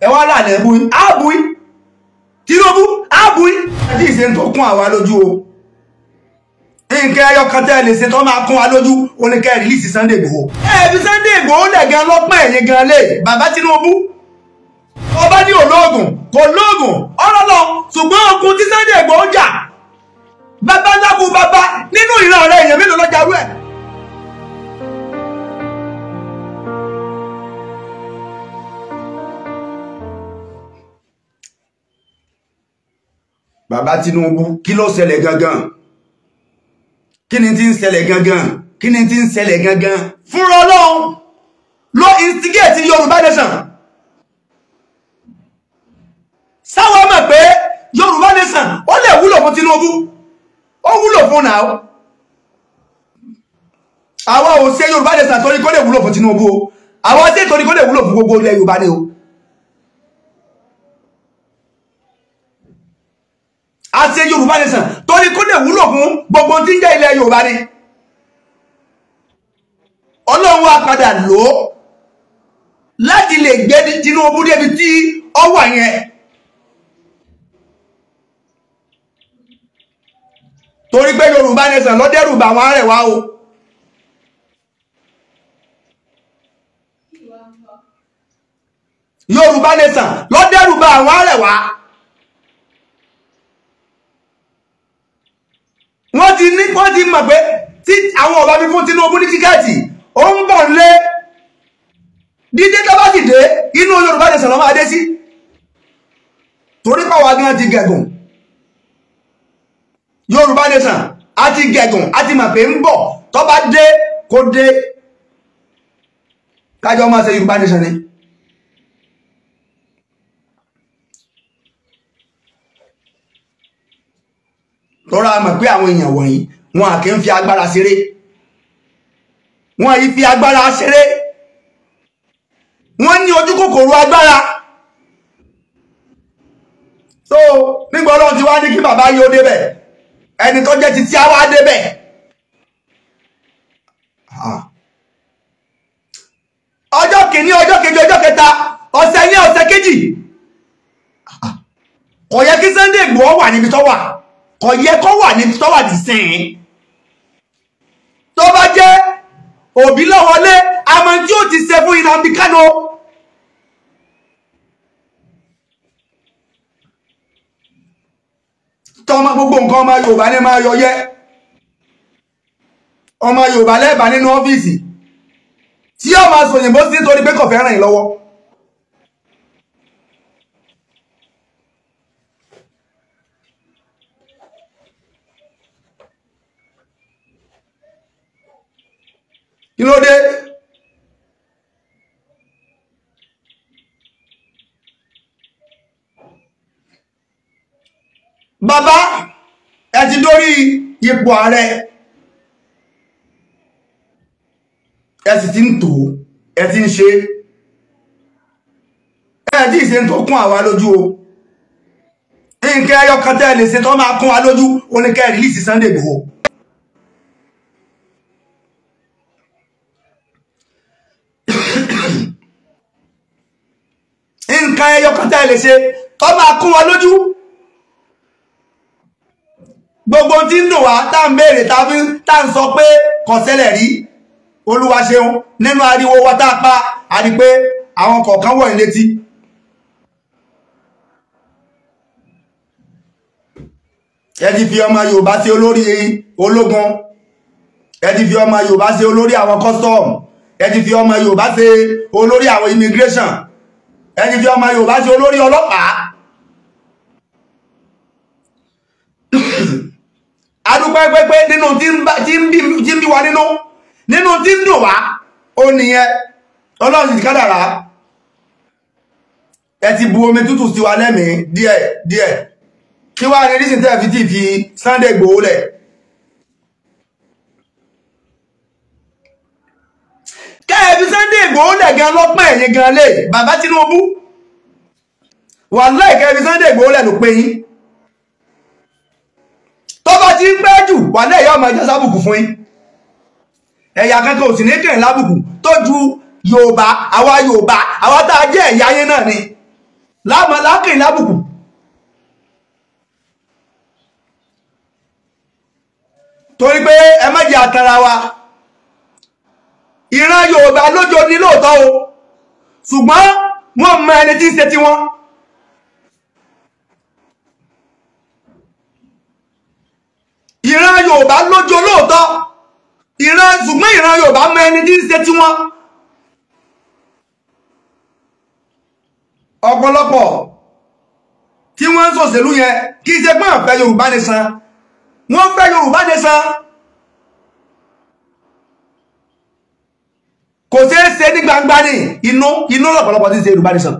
ẹ wá láàlẹ̀ bui àbui Tinubu àbui ẹjí ìṣe ń tó kún àwa lójú o nǹkan ẹyọ kan tẹ́ ẹ lè ṣe tó máa kún wa lójú oníkẹ́ rìlíìsì Sunday Igboho ẹ̀ẹ́dì Sunday Igboho lẹ̀ gan lọ́pẹ́ ẹ̀yìn gan lé bàbá Tinubu ọba ní ológun kò lóògùn ọlọ́lọ́ ṣùgbọ́n ogun tí Sunday Igboho bàbá Tinubu kí ló ṣẹlẹ̀ gangan kí ni ti ń ṣẹlẹ̀ gangan kí ni ti ń ṣẹlẹ̀ gangan fúnra ọlọ́run ló instigate Yorùbá nation sáwọn mọ̀ pé Yorùbá nation ó lè wúlò fún Tinubu ó wúlò fún náà àwa ò ṣe Yorùbá nation torí kó lè wúlò fún Tinubu o àwa ṣe torí kó lè wúlò fún gbogbo ilẹ̀ Yorùbá ni o. a se yoruba nation tori ko de wulo fun gbogbo tin je ile yoruba ni olohun wa pada lo lati le gbe ni tinu bi ti o wa yen tori pe yoruba nation lo deruba won re wa o yoruba nation lo deruba won re wa wọ́n ti ní wọ́n ti mọ̀ pé tí àwọn ọba mi fún Tinubu ní tíkẹ́ẹ̀tì ó ń bọ̀ lé dídé tó bá sì dé inú Yorùbá lè sọ̀rọ̀ máa dé sí torí pàwọ́ agbọ́n ti gẹ̀gùn Yorùbá lè sàn á ti gẹ̀gùn á ti mọ̀ pé ń bọ̀ tó bá dé kó dé kájọ máa ṣe Yorùbá lè sàn ni. rọra mọ̀ pé àwọn èèyàn wọ̀nyí wọn à kí ń fi agbára ṣeré wọn yìí fi agbára ṣeré wọn ní ojú kòkòrò agbára so nígbà ọlọ́run ti wá ní kí bàbá yóò débẹ̀ ẹni tó jẹ́ títí á wá débẹ̀ ah. ọjọ́ kìíní ọjọ́ kejì ọjọ́ kẹta ọ̀sẹ̀ ní ọ̀sẹ̀ kejì ah, ah. kò yẹ kí Sunday Igboho wà níbi tó wà kò yẹ kó wà ní tọ́wà ti sìn tó bá jẹ́ òbí lọ́wọ́lé àmọ́ tí ó ti ṣe fún Nnamdi Kanu tọ́mọ gbogbo nǹkan ọmọ Yorùbá ní máa yọ yẹ ọmọ Yorùbá lẹ́ẹ̀bà nínú ọ́fíìsì tí ọmọ sòyìnbó sí torí pé kò fẹ́ràn ìlọ́wọ́ bàbá ẹ ti dórí ipò ààrẹ ẹ sì ti ń tò ẹ ti ń ṣe ẹ tí ì ṣe ń tó kún àwa lójú o nǹkan ẹyọ kan tẹ́ lè ṣe tó máa kún wa lójú oníkẹ́ rìlíìsì Sunday Igboho nǹkan ẹyọ kan tẹ́ lè ṣe tó máa kún wa lójú gbogbo tí ń dùn wá tá ń béèrè tá ń sọ pé kò ṣẹlẹ̀ rí olúwa ṣeun nínú ariwo wa tá a pa a rí pé àwọn kọ̀ọ̀kan wọ̀ ní létí ẹ ti fi ọmọ yorùbá sí olórí ológun ẹ ti fi ọmọ yorùbá sí olórí àwọn custom ẹ ti fi ọmọ yorùbá sí olórí àwọn immigration ẹ ti fi ọmọ yorùbá sí olórí ọlọ́pàá pẹ́pẹ́pẹ́ nínú tí ń bí wa nínú nínú tí ń dùn wá ó nìyẹn ọlọ́run ti kádàrá ẹ ti bu omi tútù sí wa lẹ́mìí díẹ̀ díẹ̀ kí wá ní rísìn tẹ́ fi tí fi Sunday Igboho lẹ̀ kẹ́ẹ̀bí Sunday Igboho lẹ̀ gan lọ́pọ̀ ẹ̀yìn gan lè bàbá Tinubu wà láì kẹ́ẹ̀bí Sunday Igboho lẹ̀ ló pé yín ti ń pẹ́ jù wà náà yọ ọmọ ẹja sábùkù fún yín ẹ̀yà kankan ò sì ní kẹrin lábùkù tó ju yorùbá àwa yorùbá àwa tá a jẹ́ ẹ̀yà ayé náà ni láàmú lákìrín lábùkù torí pé ẹ má jẹ́ àtàrà wa ìran yorùbá lójó ní lóòótọ́ o ṣùgbọ́n wọ́n mọ ẹni tí ń ṣe tiwọn. ìran yorùbá lójú olóòótọ́ ìran ṣùgbọ́n ìran yorùbá mọ ẹni tí ń ṣe tiwọn ọ̀pọ̀lọpọ̀ tí wọ́n ń ṣòṣèlú yẹn kì í ṣe pé àwọn fẹ́ yorùbá nation wọ́n fẹ́ yorùbá nation kò ṣeé ṣe ní gbangba ní inú inú lọ́pọ̀lọpọ̀ tí ń ṣe yorùbá nation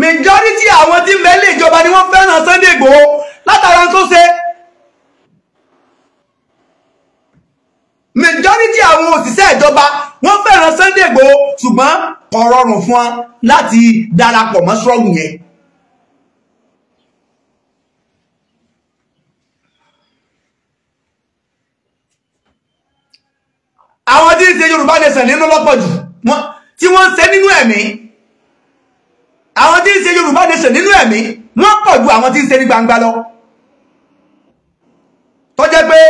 majority àwọn tí ń bẹ lé ìjọba ni wọ́n fẹ́ràn Sunday Igboho látara tó ṣe majority àwọn òṣìṣẹ́ ìjọba wọ́n fẹ́ràn Sunday Igboho ṣùgbọ́n kò rọrùn fún wọn láti darapọ̀ mọ́ struggle yẹn àwọn tí ń ṣe Yorùbá Nation nínú lọ́pọ̀ jù tí wọ́n ń ṣe nínú ẹ̀mí foundation nínú ẹ̀mí wọ́n pọ̀ ju àwọn tí ń ṣe ní gbangba lọ tó jẹ́ pé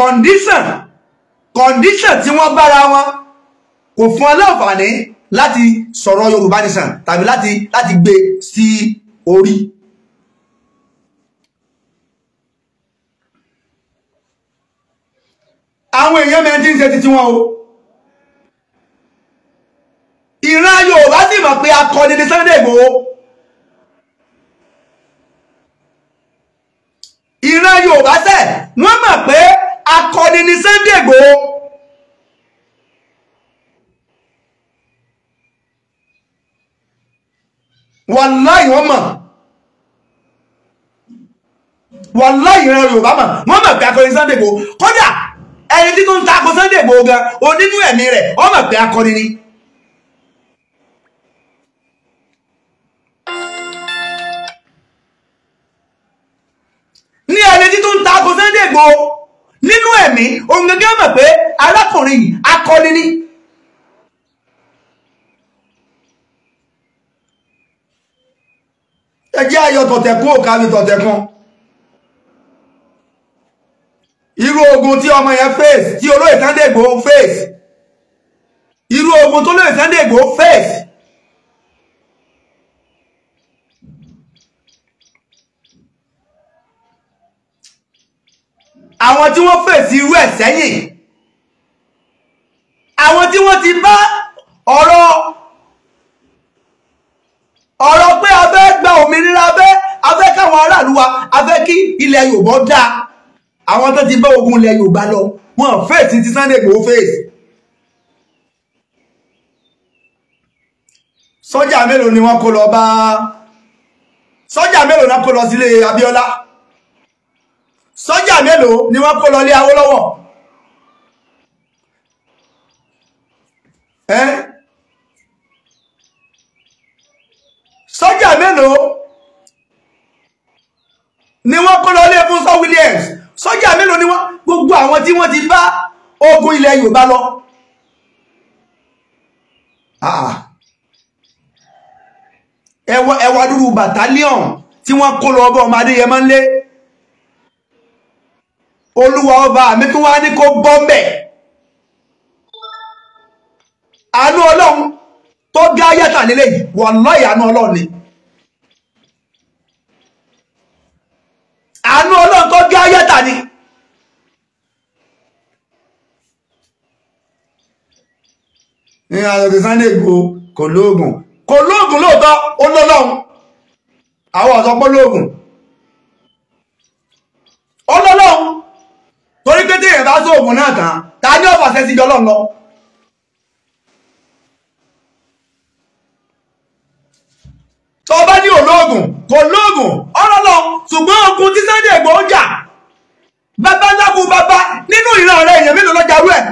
condition condition tí wọ́n bára wọn kò fún aláǹfààní láti sọ̀rọ̀ Yorùbá nation tàbí láti láti gbé sí orí. àwọn èèyàn mẹ́rin tí ń ṣe titi wọn o. pé akọni ni Sunday Igboho ìran Yorùbá sẹ̀ wọ́n mọ̀ pé akọni ni Sunday Igboho. wàláì wọ́n mọ̀ wàláì ìran yorùbá mọ̀ wọ́n mọ̀ pé akọni Sunday Igboho kódà ẹni tí tó ń ta akọ Sunday Igboho gan onínú ẹ̀mí rẹ̀ wọ́n mọ̀ pé akọni ni. gbogbo nínú ẹ̀mí òun gẹ́gẹ́ mọ̀ pé arákùnrin yìí akọni ni. ẹ jẹ́ ayọ̀ tọ̀tẹ̀kún ò kábi tọ̀tẹ̀kún irú ogun tí ọmọ yẹn face tí olóyè Sunday Igboho face irú ogun tó lóyè Sunday Igboho face àwọn tí wọ́n fèsì irú ẹ̀ sẹ́yìn àwọn tí wọ́n ti bá ọ̀rọ̀ ọ̀rọ̀ pé a fẹ́ gba òmìnira abẹ́ a fẹ́ káwọn aráàlú wa a fẹ́ kí ilẹ̀ Yorùbá dáa àwọn tó ti bá ogun ilẹ̀ Yorùbá lọ wọn fèsì ti Sunday Igboho fèsì. sọ́jà mélòó ni wọ́n kó lọ bá sọ́jà mélòó náà kó lọ sílé Abíọ́lá sọ́jà mélòó ni wọ́n kó lọlé Awólọ́wọ̀ ẹ́ sọ́jà mélòó ni wọ́n kó lọlé Musa Williams sọ́jà mélòó ni wọ́n gbogbo àwọn tí wọ́n ti bá ogun ilẹ̀ Yorùbá lọ ah. ẹwà dúdú bàtálíọ̀n tí wọ́n kó lọ ọba ọmọ Adéyẹmọ olúwa ọba mi tó wá ní kó bọ́ mbẹ̀ àánú ọlọ́run tó gá yàtà nílé yìí wallahi àánú ọlọ́run ni àánú ọlọ́run tó gá yàtà ni. ní àlọ́dún Sunday Igboho kò lóògùn kò lóògùn lóòótọ́ ó àwọn ọ̀sán pọ́ lóògùn ó tí èèyàn bá sọ òògùn náà tán ta ní ọ̀fà sẹ́sí jọlọ́ lọ. tó bá ní olóògùn kò lóògùn ọ̀rọ̀ lọ ṣùgbọ́n ogun tí Sunday Igboho jà bàbá ńlá bu bàbá nínú ìran rẹ̀ èèyàn mélòó lọ́jà rú ẹ̀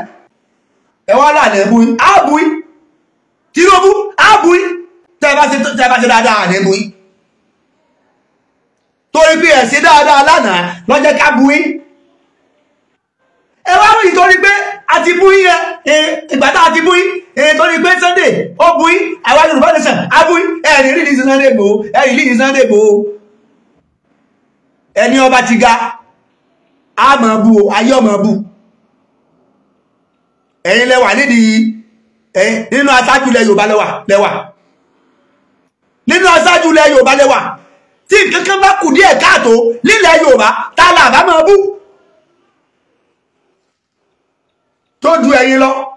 ẹ wá láàlẹ̀ bui àbui Tinubu àbui tẹ́ bá ṣe dáadáa ní bui torí pé ẹ̀ ṣe dáadáa lánàá lọ́jẹ́ ká bui ẹ wá rí ìtorí pé àti búyí ẹ ìgbà tá àti búyí torí pé Sunday ó búyí àwa Yorùbá nation á búyí ẹ ní rí ní Sunday Igboho ẹ rí ní Sunday Igboho ẹni ọba ti ga á máa bú o ayé ọmọ bú ẹ̀yin lẹ́wà nídìí nínú aṣáájú ilẹ̀ Yorùbá lẹ́wà lẹ́wà nínú aṣáájú ilẹ̀ Yorùbá lẹ́wà tí nǹkan kan bá kù díẹ̀ káàtó nílẹ̀ Yorùbá tá a là bá máa bú. tó ju ẹ̀yin lọ